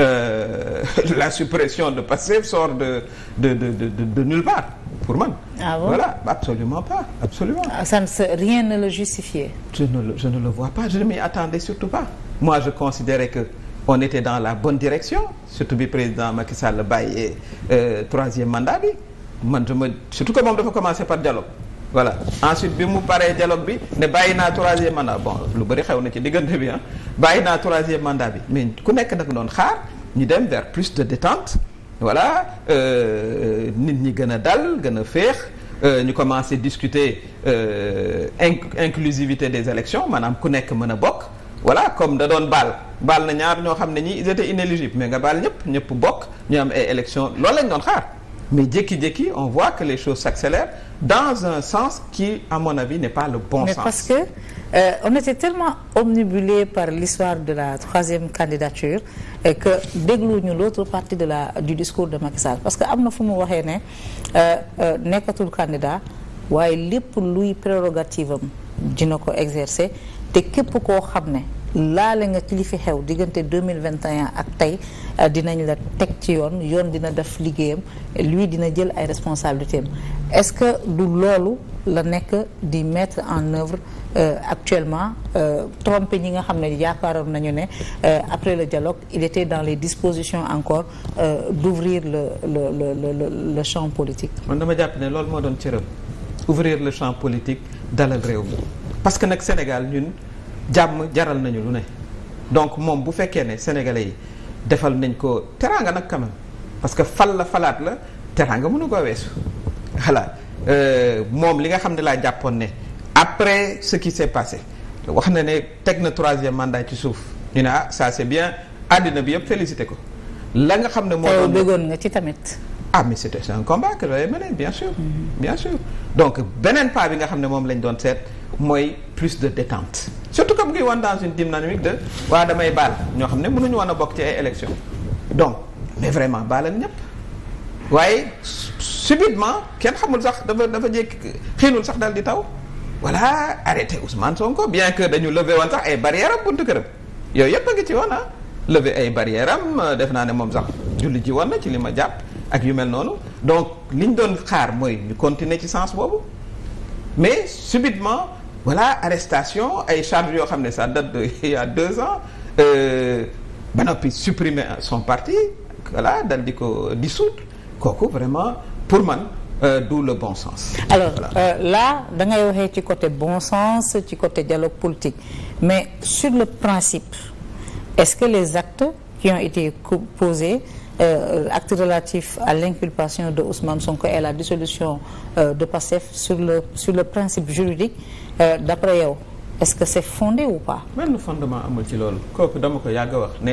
euh, la suppression de Pastef sort de de de de de nulle part pour man. Ah bon? voilà absolument pas absolument. Ah, ça ne se, rien ne le justifiait. je ne le je ne le vois pas je ne m'y attendais surtout pas. moi je considérais que on était dans la bonne direction surtout bi président Macky Sall bàyyee euh, troisième mandat bi man je me surtout que moom dafa commencer par dialogue. voilà ensuite bi mu paree dialogue bi ne bàyyi naa troisième mandat bon lu bari xew na ci diggante bi ah bàyyi naa troisième mandat bi mais ku nekk nag doon xaar ñu dem vers plus de détente voilà euh, euh, nit ñi gën a dal gën a féex euh, ñu commencé discuter inclusivité des élections maanaam ku nekk mën a bokk voilà comme da doon baal baal na ñaar ñoo xam ne ñi ils étaient inéligibles mais nga baal ñëpp ñëpp bokk ñu am ay élections loolu lañ doon xaar mais jékki-jékki on voit que les choses s'accélèrent dans un sens qui à mon avis n'est pas le bon mais sens. mais parce que euh, était tellement omnibulé par l'histoire de la troisième candidature et euh, que dégluñu l'autre partie de la du discours de Macky Sall parce que am na fu mu waxee ne euh, euh, nekkatul candidat waaye lépp luy prérogative am dina ko exercer te képp koo xam ne. laale nga ci li fi xew diggante 2021 ak tey euh, dinañ la teg ci yoon yoon dina def liggéeyam lui dina jël ay responsabilités am est-ce que du loolu la nekk di mettre en œuvre euh, actuellement euh, trompé ñi nga xam ne yaakaaroon nañu ne euh, après le dialogue il était dans les dispositions encore euh, d'ouvrir le le le le le champ politique. man dama jàpp ne loolu moo doon cëram ouvrir le champ politique dalal réew mi parce que nag Sénégal ñun. jàmm jaral nañu lu ne donc moom bu fekkee ne sénégalais yi defal nañ ko teraanga nag quand parce que fal la falaat la teraanga mënu ko weesu voilà euh, moom li nga xam ne laa jàppoon ne après ce qui s'est passé wax na ne teg na troisième mandat ci suuf ñu ne ah ça c'est bien àddina bi yëpp félicité ko la nga xam ne moo bëggoon ci tamit ah mais c'était un combat que donc beneen pas bi nga xam ne moom lañ doon seet mooy plus de détente surtout que mu ngi woon dans une dynamique de waa damay baal ñoo xam ne mënuñu woon a bokk ci ay élections donc mais vraiment baalal ñëpp waaye subitement kenn xamul sax dafa dafa jékki xiinul sax daal di taw voilà arrêté Ousmane Sonko bien que dañu lever woon sax ay barrières am buntu këram yooyu yëpp a ngi ci woon ah lever ay barrières def naa ne moom sax julli ji woon na ci li ma jàpp ak yu mel noonu donc liñ doon xaar mooy ñu continuer ci sens boobu voilà arrestation ay charges yoo xam ne ça date de il y a deux ans euh, ba noppi supprimer son parti voilà di ko dissoudre kooku vraiment pour man Euh, d'où le bon sens. alors la euh, là da ngay waxee ci côté bon sens ci côté dialogue politique mais sur le principe est-ce que les actes qui ont été posés euh, acte relatif à l'inculpation de Ousmane Sonko et la dissolution euh, de PASTEF sur le sur le principe juridique euh, d'après yow est-ce que c'est fonde ou pas benn fondement amul ci loolu kooku dama ko yàgg a wax ne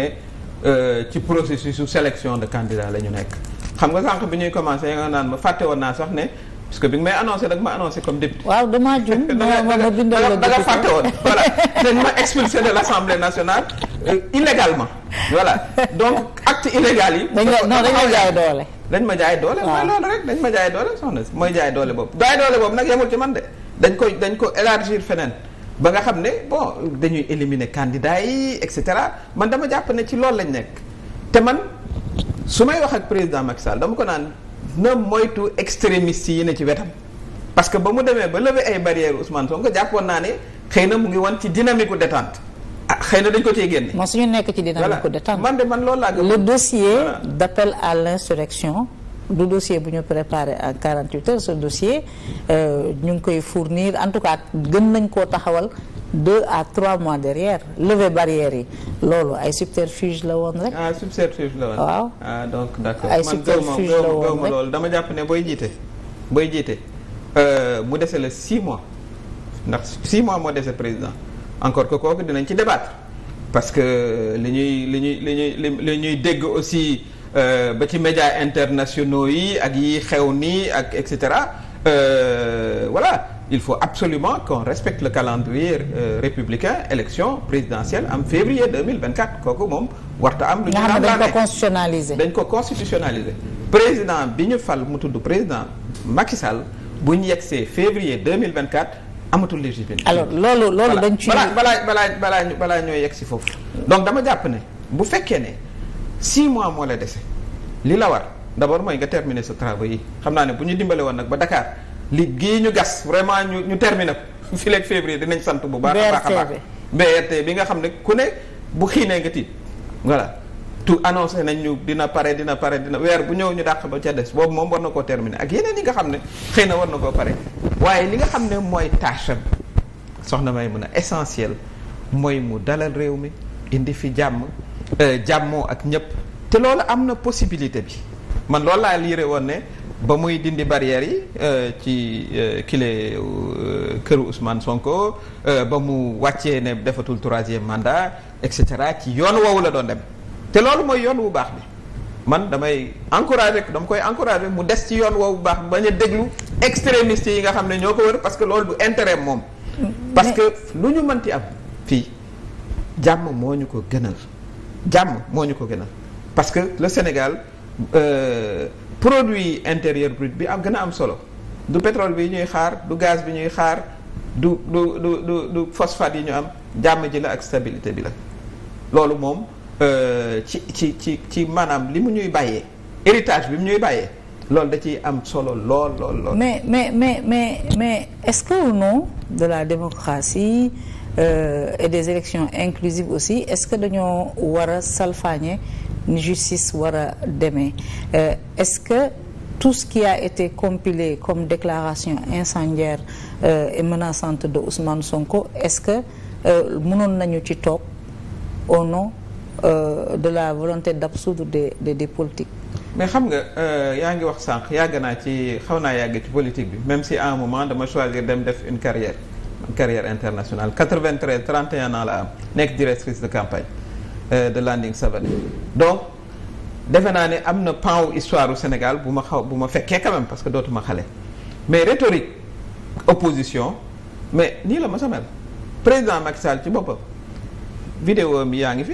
euh, ci processus su sélection de candidats la ñu nekk xam nga sànq bi ñuy commencé nga naan ma fàtte woon naa sax ne parce que bi nga may annoncé da nga ma annoncé comme député. waaw damaa jum ma ma bindal la da nga fàtte woon voilà dañ ma expulsé de l' assemblée nationale euh, illégalement voilà donc acte illégal yi. dañ la non dañ ma doole. dañ ma jaay doole. dañ ma jaay doole soxna mooy jaay doole boobu. jaay doole boobu nag yemul ci man de dañ koy dañ ko élargir feneen. ba nga xam ne bon dañuy éliminer candidats yi et cetera man dama jàpp ne ci loolu lañ nekk te man su may wax ak président Macky Sall dama ko naan. na moytu extrémistes yi ne ci wetam parce que ba mu demee ba lever ay barrières Ousmane Sonko jàppoon naa ne xëy na mu ngi wan ci dynamique u détente ah xëy na dañ ko cee génne. moom suñu nekk ci dynamique u détente man de man loolu laa gëm le dossier d'appel à l'insurrection du dossier bu ñu préparé en 48 heures ce dossier euh, ñu ngi koy fournir en tout cas gën nañ koo taxawal. deux à trois mois derrière lever barrière yi loolu ay subterfuge la woon rek. ah la woon. waaw ah donc d'accord ay subterfuge la woon rek loolu dama jàpp ne booy jiite booy jiite euh, mu dese la six mois ndax six mois moo dese président encore que kooku dinañ ci débattre parce que euh, li ñuy li ñuy li ñuy li ñuy dégg aussi euh, ba ci médias internationaux yi ak yi xew nii ak et cetera voilà. il faut absolument qu'on respecte le calendrier euh, républicain élection présidentielle am février 2024 kooku moom warta am lu ñu xam dañ ko constitutionnaliser dañ ko constitutionnaliser président bi ñu fal mu tudd président Macky Sall bu ñu yegsee février 2024 amatul légitimité alors loolu loolu dañ ci balaa balaa balaa balaa ñoo yegg si foofu donc dama jàpp ne bu fekkee ne six mois moo la dese li la war d'abord mooy nga terminer sa travaux yi xam naa ne bu ñu dimbale woon nag ba Dakar li gii ñu gas vraiment ñu ñu terminé ko fileeg février dinañ sant bu baax a baax a baax BRT bi nga xam ne ku ne bu xiinee nga tiit voilà tout annoncé nañ ñu dina pare dina pare dina weer bu ñëw ñu dàq ba ca des boobu moom war na koo terminé ak yeneen yi nga xam ne xëy na war na koo pare waaye li nga xam ne mooy tâche am soxna may mën a essentiel mooy mu dalal réew mi indi fi jàmm euh, jàmmoo ak ñëpp te loolu am na possibilité bi man loolu laa liire woon ne ba muy dindi barrières yi euh, ci euh, kile euh, këru Ousmane Sonko ba mu wàccee ne defatul troisième mandat et cetera ci yoon woowu la doon dem te loolu mooy yoon wu baax bi man damay encourager dama koy encourager mu des ci yoon woowu bu baax bañ a déglu extrémistes yi nga xam ne ñoo ko wër parce que loolu du intérêt moom. parce que lu ñu mënti am fii jàmm moo ñu ko gënal jàmm moo ñu ko gënal parce que le Sénégal. Euh, produit intérieur brut bi am gën a am solo du pétrole bi ñuy xaar du gaz bi ñuy xaar du du du du du phosphate yi ñu am jàmm ji la ak stabilité bi la loolu moom euh, ci ci ci ci maanaam li mu ñuy bàyyee héritage bi mu ñuy bàyyee loolu da ciy am solo lool lool lool. mais mais mais mais est-ce que au nom de la démocratie euh, et des élections inclusives aussi est-ce que dañoo war a salfaañe ni justice war a demee euh, est-ce que tout ce qui a été compilé comme déclaration incendiaire euh, et menaçante de Ousmane Sonko est-ce que euh, mënoon nañu ci toog au nom euh, de la volonté d'absoudre de des des politiques. mais xam nga euh, yaa ngi wax sànq yàgg naa ci xaw naa yàgg ci politique bi même si à un moment dama choisir dem def une carrière une carrière internationale 93 31 ans la am nekk directrice de campagne. Euh, de Landing Savané donc defe naa ne am na pan wu histoire u Sénégal bu ma xaw bu ma fekkee quand parce que dootuma xale mais rhétorique opposition mais nii la ma sa mel président Macky Sall ci boppam vidéo mi yaa ngi fi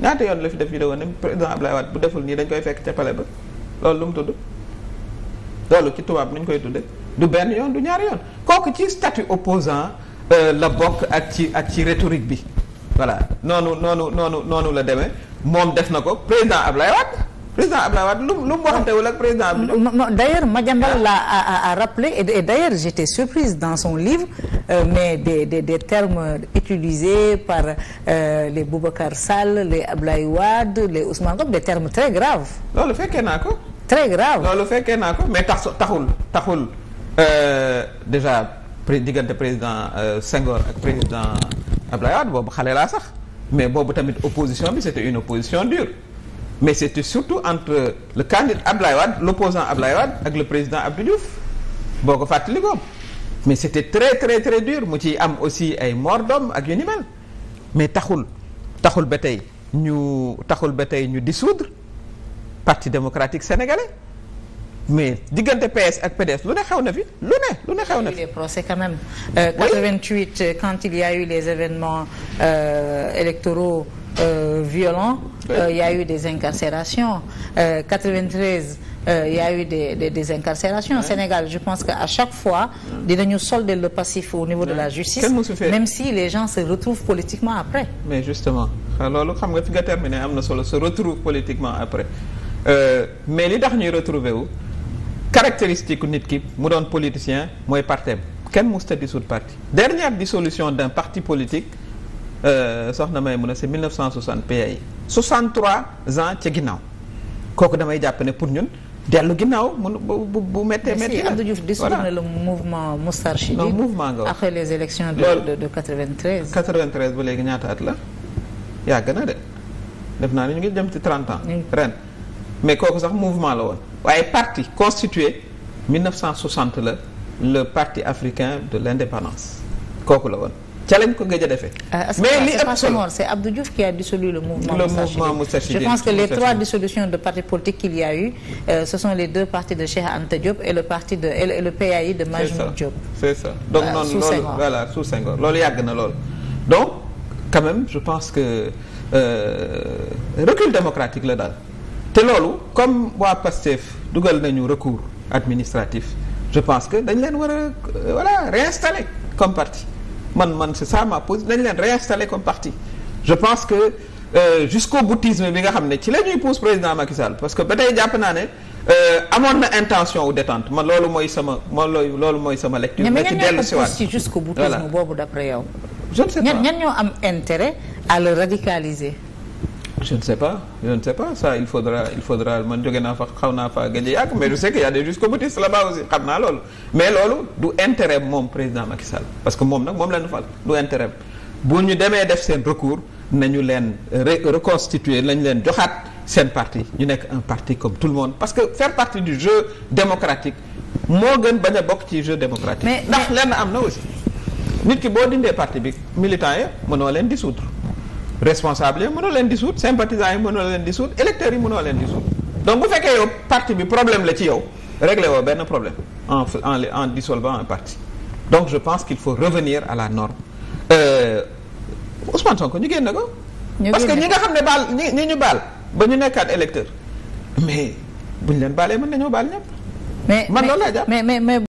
ñaata yoon la fi def vidéo ne président Ablaye Wade bu deful nii dañ koy fekk ca pale ba loolu lu mu tudd loolu ci tubaab nu koy tudde du benn yoon du ñaar yoon kooku ci statut opposant euh, la bokk ak ci ak ci rhétorique bi voilà noonu noonu noonu noonu la demee moom def na ko président Ablaye Wade président Ablaye Wade lu lu mu waxantewul ak président Ablaye non d'ailleurs ah. l'a a et, et d'ailleurs j'étais surprise dans son livre euh, mais des, des des termes utilisés par euh, les Boubacar Sall les Ablaye Wade les Ousmane Ngom des termes très graves loolu fekkee naa ko très grave loolu fekkee naa ko mais tax taxul taxul euh, déjà diggante président euh, Senghor ak président ab Abdoulaye Wade boobu xale laa sax mais boobu tamit opposition bi c'était une opposition dure mais c'était surtout entre le candidat Abdoulaye Wade l'opposant Abdoulaye Wade ak le président Abdou Diouf boo ko fàttali ko mais c'était très très très dur mu ciy am aussi ay mort d'homme ak yu ni mais taxul taxul ba tey ñu taxul ba tey ñu dissoudre Parti démocratique sénégalais mais diggante PS ak PDS lu ne na fi lu ne na fi. des procès quand même. Euh, 88 euh, oui. Euh, les événements euh, électoraux euh, euh y a eu des incarcérations. 93 il y a eu des des, des incarcérations. Oui. Au je pense que à chaque fois. dinañu solder le passif au niveau de la justice. même si les gens se retrouvent politiquement après. mais justement ah, loolu xam nga fi nga am na solo se retrouve politiquement après mais li tax ñuy retrouver wu. caractéristique nit ki mu doon politicien mooy parte kenn musta dissoudre parti dernière dissolution d'un parti politique euh, soxna may mun a c'est 1960 PAI 63 ans ca ginnaaw kooku damay jàpp ne pour ñun dellu ginnaaw mun bu bu méttee méttee Abdou Diouf dissoudre na le mouvement Moustarchidine non mouvement nga après les élections de de 93 93 léegi ñaata at la yàgg na de def naa ne ñu ngi dem ci 30 ans ren mais kooku sax mouvement la woon waaye parti constitué 1960 la le parti africain de l'indépendance kooku la woon ca lañ ko gëj a defee. Euh, mais li ëpp solo c'est Abdou qui a dissolu le mouvement. le mouvement Moustarchidine je pense que les trois dissolutions de parti politiques qu'il y a eu euh, ce sont les deux partis de Cheikh Anta et le parti de le PAI de Majhemout Diop. c'est ça donc noonu loolu voilà sous Senghor loolu yàgg na loolu donc quand même je pense que euh, recul démocratique la daal. te loolu comme waa PASTEF dugal nañu recours administratif je pense que dañ leen war a euh, voilà réinstaller comme parti man man c'est ça ma position dañ leen réinstaller comme parti je pense que euh, jusqu'au boutisme bi nga xam ne ci la ñuy pousse président Macky Sall parce que ba tey jàpp naa ne euh, amoon na intention wu détente ma loolu mooy sama man loolu mooy sama lecture. mais ci dellu si waat mais jusqu'au boutisme boobu d'après yow. je ne sais pas ñoo am intérêt à le radicaliser. je ne sais pas je ne sais pas il faudra il faudra man jóge naa fa xaw naa faa gëj yàgg mais je sais que y a des jusqu'au-boutistes là-bas aussi xam naa loolu mais loolu du intérêt moom président Macky Sall parce que moom nag moom la ñu fal du intérêt bu ñu demee def seen recours ñu leen reconstituer lañu leen joxaat seen parti ñu nekk un parti comme tout le monde parce que faire partie du jeu démocratique moo gën bañ a bokk ci jeu démocratique. ndax lenn am na nit ki boo dindee parti bi militant yi mënoo leen dissoudre. responsable yi mënoo leen dissoudre sympathisants yi mënoo leen dissoudre électeurs yi mënoo leen dissoudre donc bu fekkee yow parti bi problème la ci yow réglé woo benn problème en en en dissolvant parti donc je pense qu'il faut revenir à la norme euh, ko Sonko ñu génn ko. parce que ñi nga xam ne baal ñi ñi ñu baal ba ñu nekkaat électeur mais buñ leen baalee mën nañoo baal ñëpp. man loolu laa jàpp